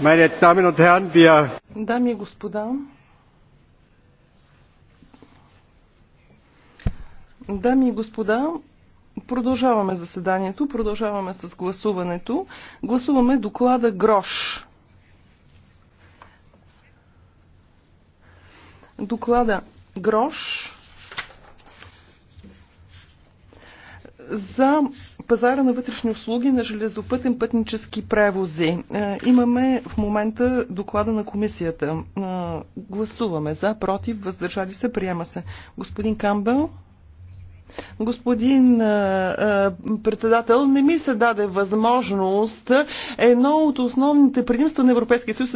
Meine Damen und Herren, wir Дами и господа, Дами и господа, продължаваме заседанието, продължаваме с гласуването. Гласуваме доклада Грош. Доклада Грош за пазара на вътрешни услуги на железопътен пътнически превози. Е, имаме в момента доклада на комисията. Е, гласуваме за, против, въздържали се, приема се. Господин Камбел? Господин е, председател, не ми се даде възможност. Едно от основните предимства на Европейския съюз е